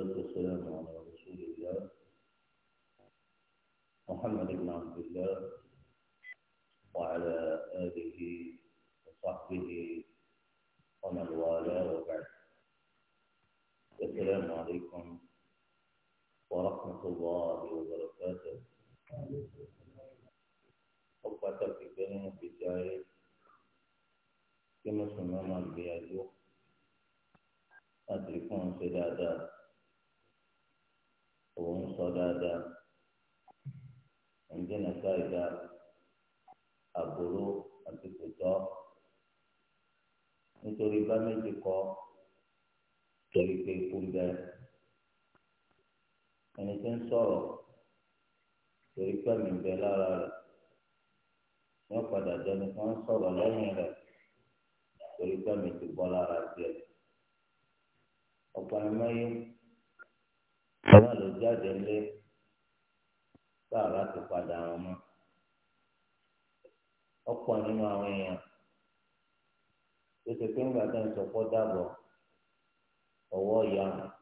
والصلاة والسلام على رسول الله محمد بن عبد الله وعلى آله وصحبه ومن والاه وبعد السلام عليكم ورحمة الله وبركاته أبقى في كلمة بداية كما سمعنا البيادو أدركون في دادا ẹ̀ńdínà sáìdá àbúrò àti kòtọ́ nítorí bá méjì kọ́ torí pé ikú ń bẹ̀rẹ̀ ẹni tí ń sọ̀rọ̀ torí pé mi ń bẹ lára rẹ̀ wọ́n padà dẹni tí ń sọ̀rọ̀ lẹ́yìn rẹ̀ torí pé mi ti bọ́ lára tiẹ̀ ọ̀pọ̀ ẹ̀mọ́ yìí wọ́n jáde lé. bàbá ti padà wọn mọ́ ọ̀pọ̀ nínú àwọn èèyàn tó ṣe pé ńgbà tó ń sọpọ́ dàbọ̀ ọwọ́ ìyá wọn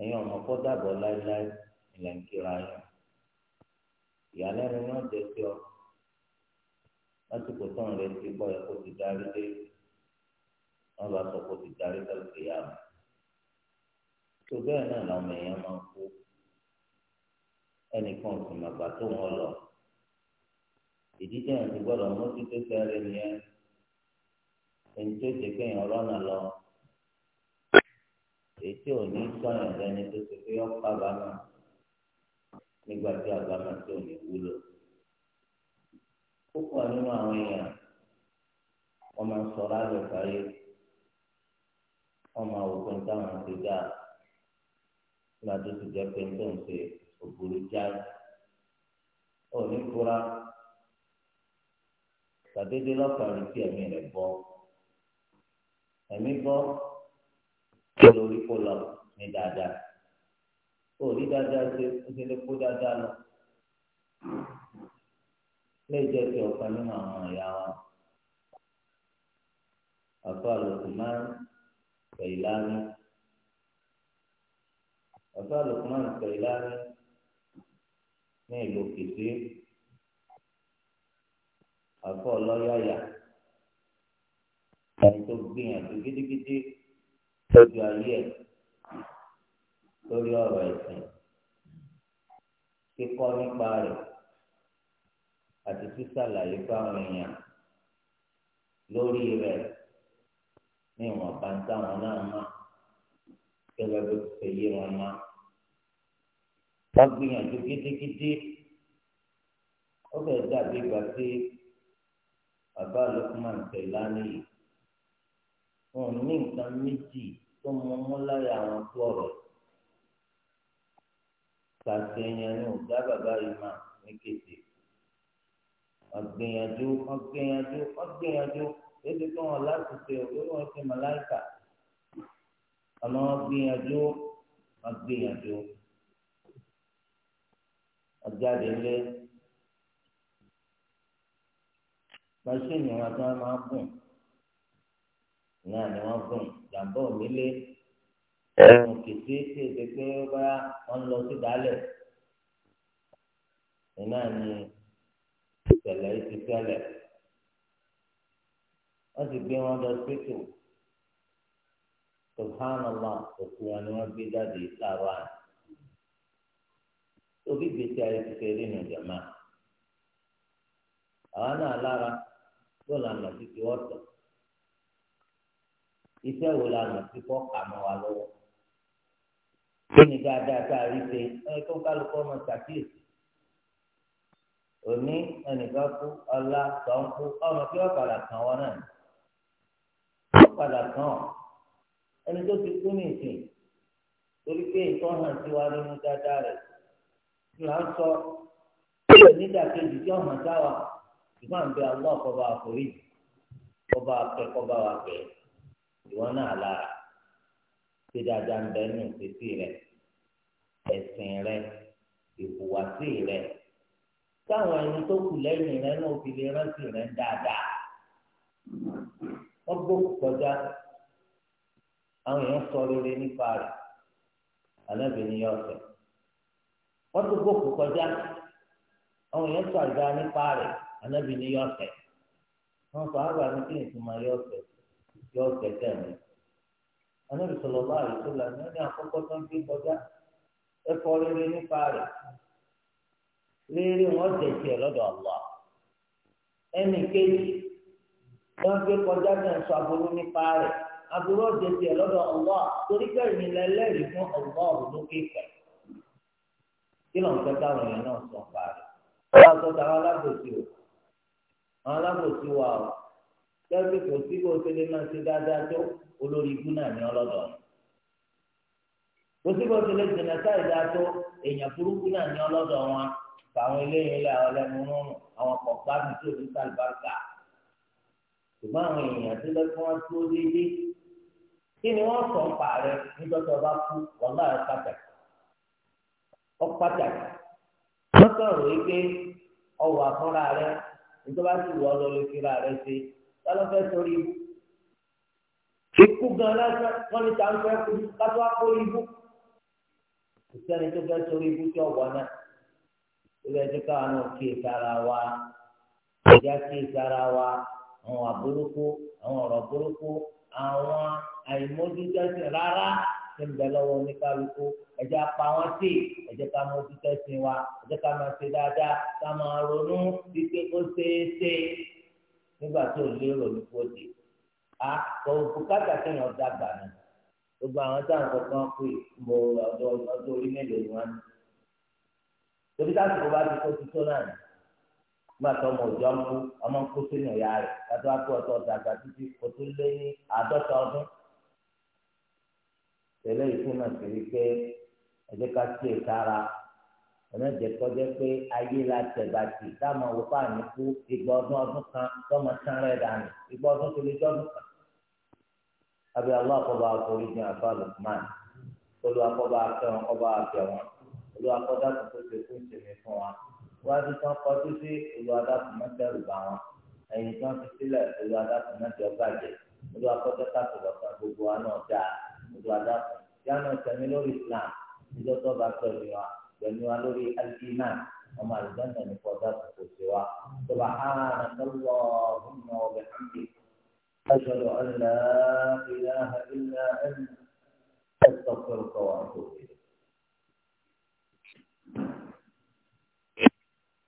ẹ̀yin ọmọ kọ́ dàbọ̀ láéláé ilẹ̀ ń kíra yẹn ìyàlẹ́nu náà jẹ́ sí ọ lásìkò tó ń gbọ́ ti darí dé ẹnìkan sì màgbà tó wọn lọ ìdí téèyàn ti gbọ́dọ̀ mójútó sẹrẹ nìyẹn ẹni tó ṣe pé èèyàn rọnà lọ èyí tí ò ní sọyàn lẹni tó ṣe pé ọkọ àbámọ̀ nígbà tí tó ní wúlò nínú àwọn èèyàn máa máa wò pé táwọn ògbòrò jáde òní fura tàdédé lọ́kàrin tí ẹ̀mí rẹ̀ bọ́ ẹ̀mí bọ́ kí lórí kó lọ ní dáadáa òní dáadáa ṣe ó ṣe lè kó dáadáa lọ lè jẹ́ ti ọ̀kan nínú àwọn ìyá wa àfa àlòkùnmáà pẹ̀láni àfa àlòkùnmáà pẹ̀láni ní ìlú kìsí àfọ ọlọ́yàyà ẹni tó gbìyànjú gidigidi lójú ayé ẹ̀ lórí ọ̀rọ̀ ẹ̀sìn kíkọ́ nípa rẹ̀ àti sísàlàyé fáwọn èèyàn lórí rẹ̀ ní ìwọ̀nba táwọn náà mọ̀ gẹ́gẹ́ bó ti ṣe yé wọn máa ká gbìyànjú gidigidi ó fẹ́ dàbí ìgbà pé bàbá Lukman Tẹ̀lání yìí wọn ò ní nǹkan méjì tó mú mú láyà àwọn tó ọ̀rọ̀ kàṣẹ yẹn ni ọ̀gá bàbá yìí mà ní kété ọ̀gbìyànjú ọ̀gbìyànjú ọ̀gbìyànjú ètò tó wọn láti ṣe òkú wọn ṣe màláìkà ọ̀nà ọ̀gbìyànjú ọ̀gbìyànjú ọ̀jáde lé máṣíìnì wọn tí wọn máa gùn náà ni wọn gùn jàǹbá òní lé ẹnu kìtì tí èdè pé bá wọn lọ sí dálẹ̀ náà ni ìṣẹ̀lẹ̀ yìí ti ṣẹlẹ̀ wọ́n ti gbé wọn lọ sí tò subhanallah òkú wọn ni wọ́n gbé jáde sáà wáyé òbí gbèsè ayé ti fẹ́ rí nù jàmá àwa náà lára tó lànà títí ọ̀tọ̀ iṣẹ́ wo lànà tí kò kà mọ́ wa lọ́wọ́ kí ni dáadáa tá a rí ṣe ẹ tó kálukọ́ ọmọ ṣàkíyèsí òní ẹnìkan kú ọlá tán kú ọmọ tí wọ́n padà kàn wọ́n náà wọ́n padà kàn ẹni tó ti kú nìsín torí pé ìtọ́ hàn sí nínú dáadáa rẹ̀ sí. là ń sọ ìlú tí ọmọ sáwà ìgbà ń bẹ ọlọ́ kọba àforí ọba àpẹ kọba àpẹ ìwọ náà lára ṣe dáadáa ń bẹ rẹ ẹ̀sìn rẹ ìhùwàsí rẹ táwọn ẹni tó kù lẹ́yìn rẹ náà fi rẹ dáadáa gbó kọjá àwọn rẹ yọ wọ́n tó gbòkú kọjá àwọn èèyàn tó àgbà nípa rẹ̀ anábì ní yọ̀ọ̀tẹ̀ wọ́n sọ àgbà ní kí nìkan máa yọ̀ọ̀tẹ̀ yọ̀ọ̀tẹ̀ tẹ̀lé anábì sọ̀rọ̀ bá àrùn tó lànà ní àkọ́kọ́ tó ń gbé kọjá ẹ̀kọ́ rere nípa rẹ̀ rere wọn jẹ̀sí ẹ̀ lọ́dọ̀ ọ̀lọ́ ẹnì kejì tó ń gbé kọjá náà sọ aburú nípa rẹ̀ aburú jẹ̀sí ẹ̀ lọ́dọ̀ ọ̀lọ́ torí kí ló ń fẹ́ káwọn èèyàn náà sọ pa rẹ̀ wọ́n sọ táwọn alábòsí o àwọn alábòsí wa o kẹ́sì kò sí kó tẹ́lẹ̀ máa ṣe dáadáa tó olórí ikú náà ní ọlọ́dọ̀ kò sí kó tẹ́lẹ̀ jìnnà sáì dáa tó èèyàn burúkú náà ní ọlọ́dọ̀ wọn fàwọn eléyìí lé àwọn ẹlẹ́nu rúnrún àwọn kọ̀ọ̀pá mi tó ní sàlùbáríkà ṣùgbọ́n àwọn èèyàn tó lẹ́kọ́ wọn tó déédéé kí ni wọ́n sọ̀ ń pa rẹ̀ nígbà tó bá kú wọ́n láàrín pàtàkì ọpàtàkì wọn sọ̀rọ̀ ike pé ọwọ́ rẹ nígbà tí lọ lè rẹ ṣe lọlọfẹ sórí ikú gan lásán wọn ní fẹ kú kátó àpò ibú ìsẹni tó fẹ́ sórí ibú tí náà ilé káwọn náà wa ìjà kíyè wa àwọn àbúrúkú àwọn àwọn rárá. ti ń bẹ lọ́wọ́ oníkálukú ẹ̀jẹ̀ apá wọn sí ẹ̀jẹ̀ ká mọ ojú tẹ̀sìn wa ẹ̀jẹ̀ ká máa ṣe dáadáa ká máa ronú wípé ó ṣeé nígbà tó lérò ní kóde. a kò bùkátà kéèyàn dàgbà ni gbogbo àwọn táwọn kankan pè mo ọdún orí mélòó ni wọn ní. torí táwọn kò bá ti kó ti tó náà gbàtọ ọmọ òjò ń kú ọmọ ń kú sínú ìyá rẹ̀ kátó wá kó ọtọ ọtọ àgbà títí kò tó lé ní àádọ́ta ọdún tẹ́lẹ̀ ìfúnná sí wípé ẹjẹ ká tiẹ̀ sára ọlọ́jẹ kọjá pé ayé la tẹ̀bàtì táwọn òwúfà ní kú ìgbà ọdún ọdún kan tọmọ tán rẹ dànù ìgbà ọdún tó lè jọdún kan. abẹ́ aláàkọ́bá akọrin ní àbá lukman olú akọ́bá akẹ́wọn kọ́bá akẹ́wọn olú akọ́dá tuntun ṣe fún ìṣẹ̀lẹ̀ fún wa wájú tán kọjú sí olú adákùn mẹ́tẹ́rù bá wọn ẹ̀yìn tán fi sílẹ̀ olú adákùn mẹ́tẹ́rù bàjẹ́ olú akọ́dá kàtó lọ́kàn gbogbo wa náà dáa gbogbo adáko yánà tẹ̀mí lórí islam ìjọ tó bá tẹ̀mí wa tẹ̀mí wa lórí al-iman ọmọ àlùjáde ní kọjá kò sí wa tó bá hàn lọ́wọ́ ọ̀húnmọ́ ọ̀bẹ hàmdi أشهد أن لا إله إلا أنت أستغفرك وأتوب إليك